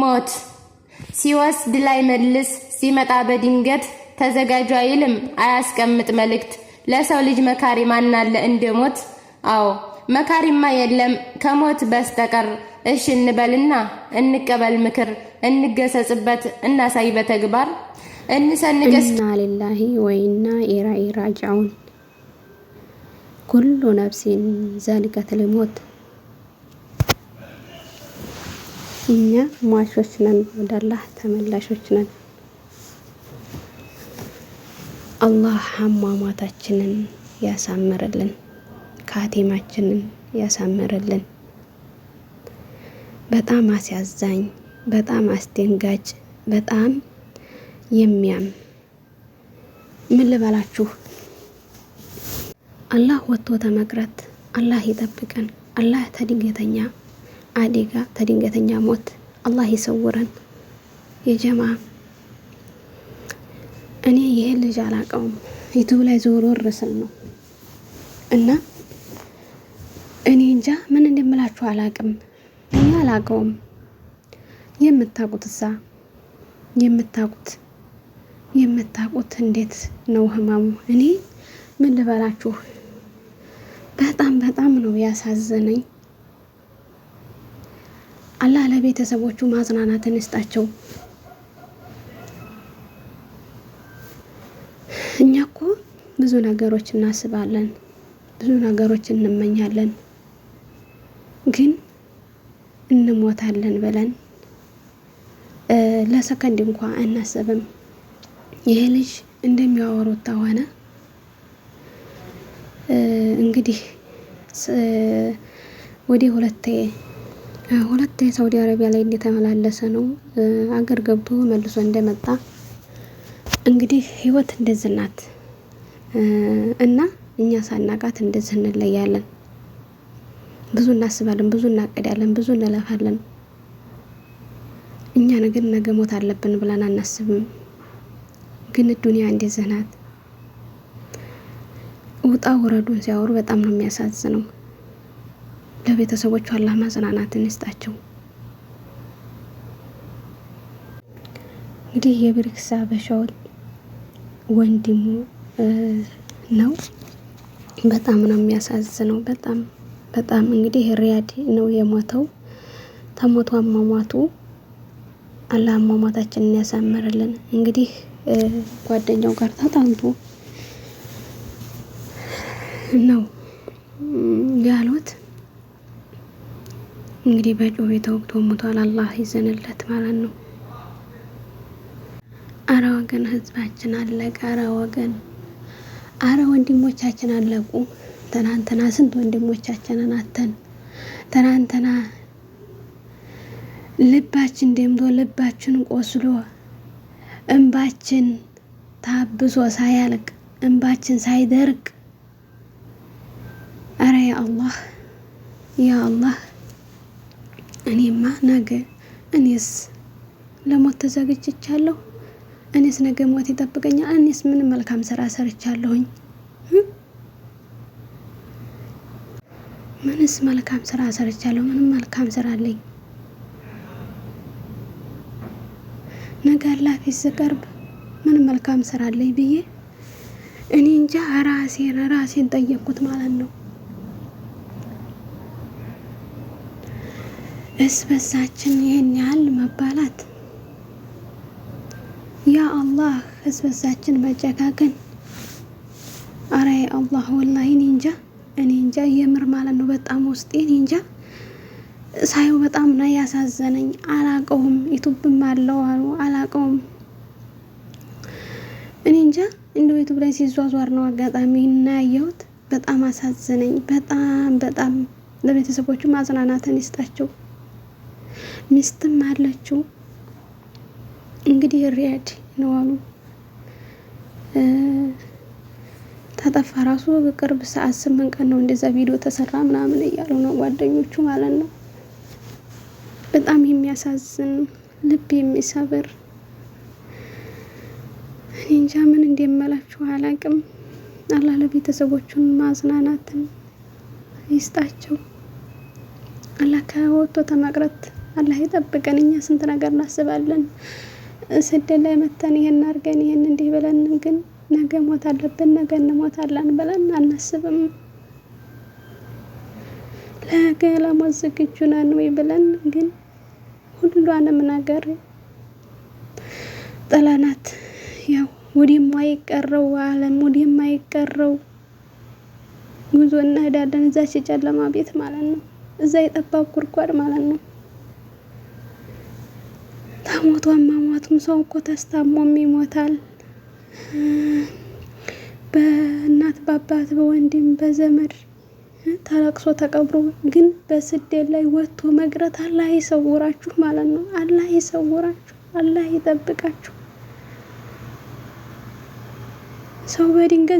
ሞት ሲወስድ ላይ መልስ ሲመጣ በድንገት ተዘጋጁ አይልም አያስቀምጥ መልእክት ለሰው ልጅ መካሪ ማናለ እንደ ሞት አዎ መካሪማ የለም ከሞት በስተቀር እሽ እንበልና እንቀበል ምክር እንገሰጽበት እናሳይ በተግባር እንሰንገስ ኢና ሊላሂ ወኢና ኢለይሂ ራጂዑን ኩሉ ነፍሲን ዛሊቀተል ሞት እኛ ሟቾች ነን፣ ወደ አላህ ተመላሾች ነን። አላህ አሟሟታችንን ያሳምርልን፣ ካቴማችንን ያሳምርልን። በጣም አስያዛኝ፣ በጣም አስደንጋጭ፣ በጣም የሚያም ምን ልበላችሁ፣ አላህ ወጥቶ ተመቅረት፣ አላህ ይጠብቀን፣ አላህ ተድንገተኛ አደጋ ተድንገተኛ ሞት አላህ ይሰውረን። የጀማ እኔ ይሄ ልጅ አላቀውም ዩቱብ ላይ ዞሮ ርስል ነው እና እኔ እንጃ ምን እንደምላችሁ አላቅም እኔ አላውቀውም። የምታውቁት እሳ የምታውቁት የምታውቁት እንዴት ነው ህመሙ? እኔ ምን ልበላችሁ፣ በጣም በጣም ነው ያሳዘነኝ። አላህ ለቤተሰቦቹ ማጽናናትን ይስጣቸው። እኛ እኮ ብዙ ነገሮች እናስባለን፣ ብዙ ነገሮች እንመኛለን፣ ግን እንሞታለን ብለን ለሰከንድ እንኳ አናስብም። ይሄ ልጅ እንደሚያወሩት ከሆነ እንግዲህ ወደ ሁለቴ ሁለት የሳውዲ አረቢያ ላይ እንደተመላለሰ ነው አገር ገብቶ መልሶ እንደመጣ እንግዲህ ህይወት እንደዚህ ናት እና እኛ ሳናቃት እንደዚህ እንለያለን። ብዙ እናስባለን፣ ብዙ እናቀዳለን፣ ብዙ እንለፋለን። እኛ ነገር ነገ ሞት አለብን ብለን አናስብም። ግን ዱንያ እንደዚህ ናት። ውጣ ውረዱን ሲያወሩ በጣም ነው የሚያሳዝነው። ለቤተሰቦቹ አላህ ማጽናናትን ይስጣቸው። እንግዲህ የብሪክስ አበሻውን ወንድሙ ነው። በጣም ነው የሚያሳዝነው። በጣም በጣም እንግዲህ ሪያድ ነው የሞተው። ተሞቷ አሟሟቱ አላህ አሟሟታችንን ያሳምርልን። እንግዲህ ጓደኛው ጋር ተጣልቶ ነው ያሉት። እንግዲህ በጩቤ ተወግቶ ሙቷል። አላህ ይዘንለት ማለት ነው። አረ ወገን ህዝባችን አለቀ። አረ ወገን፣ አረ ወንድሞቻችን አለቁ። ትናንትና ስንት ወንድሞቻችንን አተን። ትናንትና ልባችን ደምቶ ልባችን ቆስሎ እንባችን ታብሶ ሳያልቅ እንባችን ሳይደርቅ አረ ያ አላህ ያ አላህ እኔማ ነገ እኔስ ለሞት ተዘጋጅቻለሁ። እኔስ ነገ ሞት ይጠብቀኛል። እኔስ ምን መልካም ስራ ሰርቻለሁኝ? ምንስ መልካም ስራ ሰርቻለሁ? ምንም መልካም ስራ አለኝ? ነገ አላህ ስቀርብ ምን መልካም ስራ አለኝ ብዬ እኔ እንጃ ራሴን ራሴን ጠየቅኩት ማለት ነው። እስበሳችን ይህን ያህል መባላት፣ ያ አላህ እስበሳችን መጨካከን። አረ አላህ ወላሂ እኔ እንጃ እኔ እንጃ የምር ማለት ነው። በጣም ውስጤ እኔ እንጃ ሳየው በጣም ነው ያሳዘነኝ። አላቀውም ዩቱብም አለው አሉ አላቀውም። እኔ እንጃ እንደው ዩቱብ ላይ ሲዟዟር ነው አጋጣሚ እና ያየሁት። በጣም አሳዘነኝ። በጣም በጣም ለቤተሰቦቹ ማጽናናትን ይስጣቸው። ሚስትም አለችው። እንግዲህ ሪያድ ነው አሉ። ታጠፋ ራሱ በቅርብ ሰዓት ስምንት ቀን ነው እንደዛ ቪዲዮ ተሰራ ምናምን እያሉ ነው ጓደኞቹ ማለት ነው። በጣም የሚያሳዝን ልብ የሚሰብር እኔ እንጃ ምን እንደምላችሁ አላቅም። አላህ ለቤተሰቦቹን ማዝናናትን ይስጣቸው። አላህ ከወጥቶ ተመቅረት አላህ ይጠብቀን እኛ ስንት ነገር እናስባለን። ስደት ላይ መተን ይሄን አድርገን ይሄን እንዲህ ብለን ግን ነገ ሞት አለብን ነገ እንሞታለን ብለን አናስብም። ለገ ለሞት ዝግጁ ነን ወይ ብለን ግን ሁሉንም ነገር ጥለናት ያው አለም ዓለም ይቀረው ጉዞ እንሄዳለን። እዛች ጨለማ ቤት ማለት ነው። እዛ የጠባብ ጉድጓድ ማለት ነው። ሞቱ አሟሟቱም ሰው እኮ ተስታሞም ይሞታል። በእናት በአባት በወንድም በዘመድ ተለቅሶ ተቀብሮ ግን በስደት ላይ ወጥቶ መቅረት አላህ ይሰውራችሁ ማለት ነው። አላህ ይሰውራችሁ፣ አላህ ይጠብቃችሁ። ሰው በድንገት